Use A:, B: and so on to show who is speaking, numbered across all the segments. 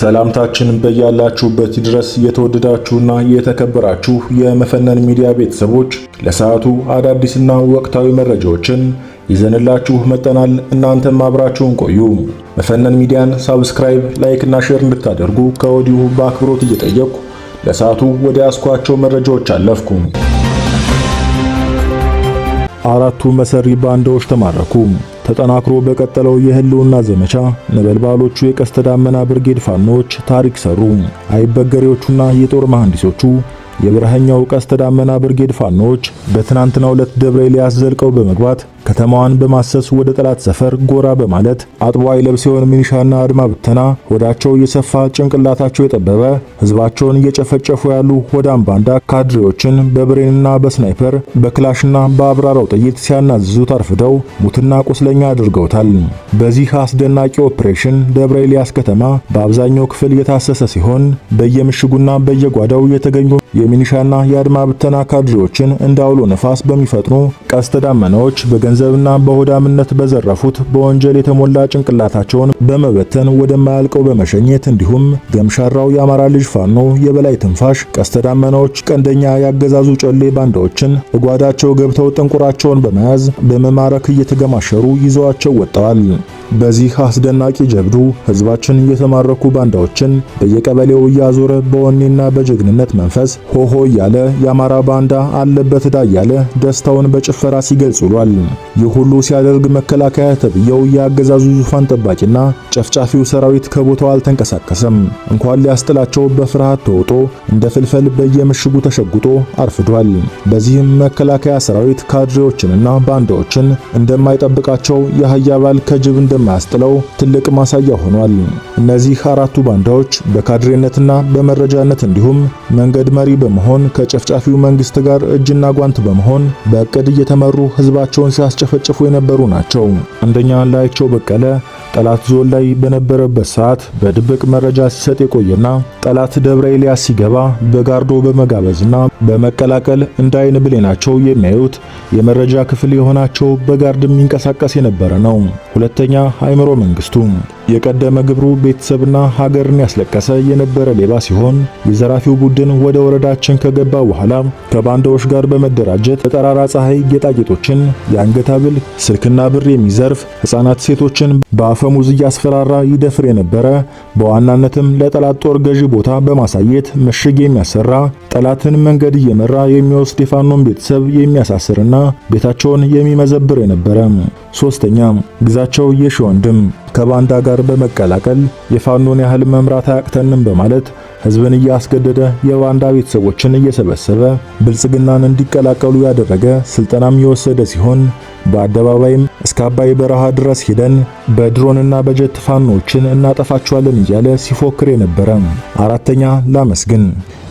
A: ሰላምታችን በያላችሁበት ድረስ የተወደዳችሁና የተከበራችሁ የመፈነን ሚዲያ ቤተሰቦች ለሰዓቱ አዳዲስና ወቅታዊ መረጃዎችን ይዘንላችሁ መጠናል። እናንተም አብራችሁን ቆዩ። መፈነን ሚዲያን ሳብስክራይብ፣ ላይክ እና ሼር እንድታደርጉ ከወዲሁ በአክብሮት እየጠየቅኩ ለሰዓቱ ወደ ያስኳቸው መረጃዎች አለፍኩ። አራቱ መሰሪ ባንዳዎች ተማረኩ። ተጠናክሮ በቀጠለው የህልውና ዘመቻ ነበልባሎቹ የቀስተ ዳመና ብርጌድ ፋኖች ታሪክ ሰሩ። አይበገሬዎቹና የጦር መሐንዲሶቹ የብርሃኛው ቀስተ ዳመና ብርጌድ ፋኖች በትናንትናው ዕለት ደብረ ኤልያስ ዘልቀው በመግባት ከተማዋን በማሰስ ወደ ጠላት ሰፈር ጎራ በማለት አጥቧ አይለብስ የሆነ ሚኒሻና አድማ ብተና ሆዳቸው እየሰፋ ጭንቅላታቸው የጠበበ ህዝባቸውን እየጨፈጨፉ ያሉ ሆዳም ባንዳ ካድሬዎችን በብሬንና በስናይፐር በክላሽና በአብራራው ጥይት ሲያናዝዙ ታርፍደው ሙትና ቁስለኛ አድርገውታል። በዚህ አስደናቂ ኦፕሬሽን ደብረ ኤልያስ ከተማ በአብዛኛው ክፍል የታሰሰ ሲሆን በየምሽጉና በየጓዳው የተገኙ የሚኒሻና የአድማ ብተና ካድሬዎችን እንደ ነፋስ በሚፈጥኑ ቀስተ ዳመናዎች በገንዘብ በገንዘብና በሆዳምነት በዘረፉት በወንጀል የተሞላ ጭንቅላታቸውን በመበተን ወደማያልቀው በመሸኘት እንዲሁም ገምሻራው የአማራ ልጅ ፋኖ የበላይ ትንፋሽ ቀስተ ዳመናዎች ቀንደኛ ያገዛዙ ጨሌ ባንዳዎችን እጓዳቸው ገብተው ጥንቁራቸውን በመያዝ በመማረክ እየተገማሸሩ ይዘዋቸው ወጥተዋል። በዚህ አስደናቂ ጀብዱ ህዝባችን የተማረኩ ባንዳዎችን በየቀበሌው እያዞረ በወኔና በጀግንነት መንፈስ ሆሆ እያለ የአማራ ባንዳ አለበት ዳ እያለ ደስታውን በጭፈራ ሲገልጽ ውሏል። ይህ ሁሉ ሲያደርግ መከላከያ ተብየው የአገዛዙ ዙፋን ጠባቂና ጨፍጫፊው ሰራዊት ከቦታው አልተንቀሳቀሰም። እንኳን ሊያስጥላቸው በፍርሃት ተውጦ እንደ ፍልፈል በየምሽጉ ተሸጉጦ አርፍዷል። በዚህም መከላከያ ሰራዊት ካድሬዎችንና ባንዳዎችን እንደማይጠብቃቸው የአህያ ባል ከጅብ እንደ እንደማያስጥለው ትልቅ ማሳያ ሆኗል። እነዚህ አራቱ ባንዳዎች በካድሬነትና በመረጃነት እንዲሁም መንገድ መሪ በመሆን ከጨፍጫፊው መንግስት ጋር እጅና ጓንት በመሆን በእቅድ እየተመሩ ህዝባቸውን ሲያስጨፈጭፉ የነበሩ ናቸው። አንደኛ ላይቸው በቀለ ጠላት ዞን ላይ በነበረበት ሰዓት በድብቅ መረጃ ሲሰጥ የቆየና ጠላት ደብረ ኤልያስ ሲገባ በጋርዶ በመጋበዝና በመቀላቀል እንደ አይን ብሌናቸው የሚያዩት የመረጃ ክፍል የሆናቸው በጋርድ የሚንቀሳቀስ የነበረ ነው። ሁለተኛ አይምሮ መንግስቱ የቀደመ ግብሩ ቤተሰብና ሀገርን ያስለቀሰ የነበረ ሌባ ሲሆን የዘራፊው ቡድን ወደ ወረዳችን ከገባ በኋላ ከባንዳዎች ጋር በመደራጀት በጠራራ ፀሐይ ጌጣጌጦችን፣ የአንገት ሐብል፣ ስልክና ብር የሚዘርፍ ሕፃናት፣ ሴቶችን በአፈሙዝ እያስፈራራ ይደፍር የነበረ በዋናነትም ለጠላት ጦር ገዢ ቦታ በማሳየት ምሽግ የሚያሰራ ጠላትን መንገድ እየመራ የሚወስድ የፋኖን ቤተሰብ የሚያሳስርና ቤታቸውን የሚመዘብር የነበረ ሶስተኛ ግዛቸው የሺ ወንድም ከባንዳ ጋር በመቀላቀል የፋኖን ያህል መምራት አያቅተንም በማለት ህዝብን እያስገደደ የባንዳ ቤተሰቦችን እየሰበሰበ ብልጽግናን እንዲቀላቀሉ ያደረገ ስልጠናም የወሰደ ሲሆን በአደባባይም እስከ አባይ በረሃ ድረስ ሄደን በድሮንና በጀት ፋኖችን እናጠፋቸዋለን እያለ ሲፎክር የነበረ። አራተኛ ላመስግን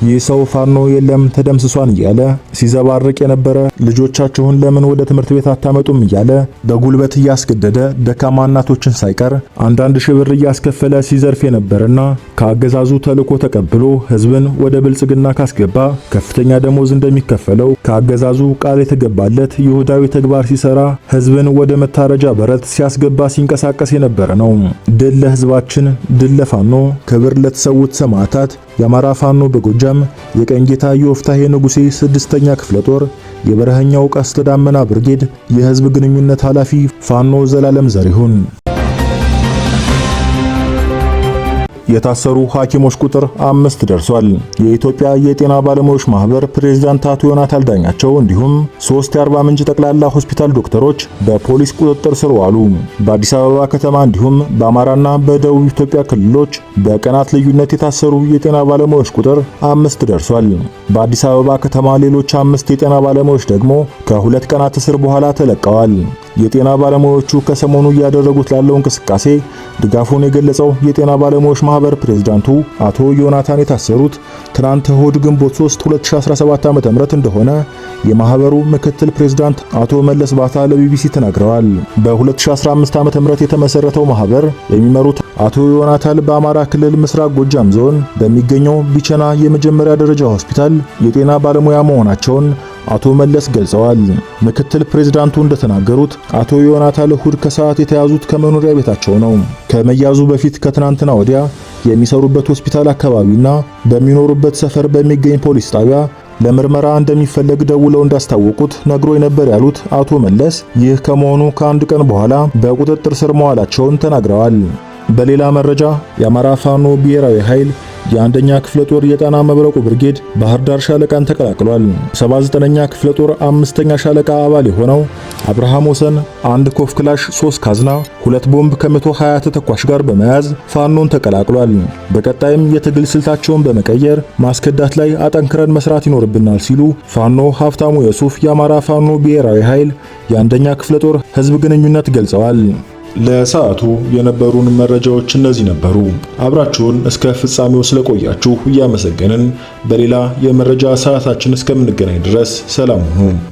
A: ይህ ሰው ፋኖ የለም ተደምስሷን እያለ ሲዘባርቅ የነበረ ልጆቻችሁን ለምን ወደ ትምህርት ቤት አታመጡም እያለ በጉልበት እያስገደደ ደካማ እናቶችን ሳይቀር አንዳንድ ሺህ ብር እያስከፈለ ሲዘርፍ የነበረና ከአገዛዙ ተልዕኮ ተቀብሎ ህዝብን ወደ ብልጽግና ካስገባ ከፍተኛ ደሞዝ እንደሚከፈለው ከአገዛዙ ቃል የተገባለት ይሁዳዊ ተግባር ሲሰራ ህዝብን ወደ መታረጃ በረት ሲያስገባ ሲንቀሳቀስ የነበረ ነው። ድል ለህዝባችን፣ ድል ለፋኖ፣ ክብር ለተሰዉት ሰማዕታት። የአማራ ፋኖ በጎጃም የቀኝ ጌታ ዮፍታሔ ንጉሴ ስድስተኛ ክፍለ ጦር የበረሃኛው ቀስተ ዳመና ብርጌድ የህዝብ ግንኙነት ኃላፊ ፋኖ ዘላለም ዘሪሁን የታሰሩ ሐኪሞች ቁጥር አምስት ደርሷል። የኢትዮጵያ የጤና ባለሙያዎች ማህበር ፕሬዝዳንት አቶ ዮናታን ዳኛቸው እንዲሁም ሶስት የአርባ ምንጭ ጠቅላላ ሆስፒታል ዶክተሮች በፖሊስ ቁጥጥር ስር ዋሉ። በአዲስ አበባ ከተማ እንዲሁም በአማራና በደቡብ ኢትዮጵያ ክልሎች በቀናት ልዩነት የታሰሩ የጤና ባለሙያዎች ቁጥር አምስት ደርሷል። በአዲስ አበባ ከተማ ሌሎች አምስት የጤና ባለሙያዎች ደግሞ ከሁለት ቀናት እስር በኋላ ተለቀዋል። የጤና ባለሙያዎቹ ከሰሞኑ እያደረጉት ላለው እንቅስቃሴ ድጋፉን የገለጸው የጤና ባለሙያዎች ማህበር ፕሬዝዳንቱ አቶ ዮናታን የታሰሩት ትናንት እሁድ ግንቦት 3 2017 ዓ.ም እንደሆነ የማህበሩ ምክትል ፕሬዝዳንት አቶ መለስ ባታ ለቢቢሲ ተናግረዋል። በ2015 ዓ.ም የተመሰረተው ማህበር የሚመሩት አቶ ዮናታን በአማራ ክልል ምስራቅ ጎጃም ዞን በሚገኘው ቢቸና የመጀመሪያ ደረጃ ሆስፒታል የጤና ባለሙያ መሆናቸውን አቶ መለስ ገልጸዋል። ምክትል ፕሬዝዳንቱ እንደተናገሩት አቶ ዮናታ ለሁድ ከሰዓት የተያዙት ከመኖሪያ ቤታቸው ነው። ከመያዙ በፊት ከትናንትና ወዲያ የሚሰሩበት ሆስፒታል አካባቢና በሚኖሩበት ሰፈር በሚገኝ ፖሊስ ጣቢያ ለምርመራ እንደሚፈለግ ደውለው እንዳስታወቁት ነግሮ ነበር ያሉት አቶ መለስ ይህ ከመሆኑ ከአንድ ቀን በኋላ በቁጥጥር ስር መዋላቸውን ተናግረዋል። በሌላ መረጃ የአማራ ፋኖ ብሔራዊ ኃይል የአንደኛ ክፍለ ጦር የጣና መብረቁ ብርጌድ ባህር ዳር ሻለቃን ተቀላቅሏል። 79ኛ ክፍለ ጦር አምስተኛ ሻለቃ አባል የሆነው አብርሃም ወሰን አንድ ኮፍ ክላሽ፣ 3 ካዝና፣ ሁለት ቦምብ ከ120 ተተኳሽ ጋር በመያዝ ፋኖን ተቀላቅሏል። በቀጣይም የትግል ስልታቸውን በመቀየር ማስከዳት ላይ አጠንክረን መስራት ይኖርብናል ሲሉ ፋኖ ሀብታሙ የሱፍ የአማራ ፋኖ ብሔራዊ ኃይል የአንደኛ ክፍለ ጦር ህዝብ ግንኙነት ገልጸዋል። ለሰዓቱ የነበሩን መረጃዎች እነዚህ ነበሩ። አብራችሁን እስከ ፍጻሜው ስለቆያችሁ እያመሰገንን በሌላ የመረጃ ሰዓታችን እስከምንገናኝ ድረስ ሰላም ሁኑ።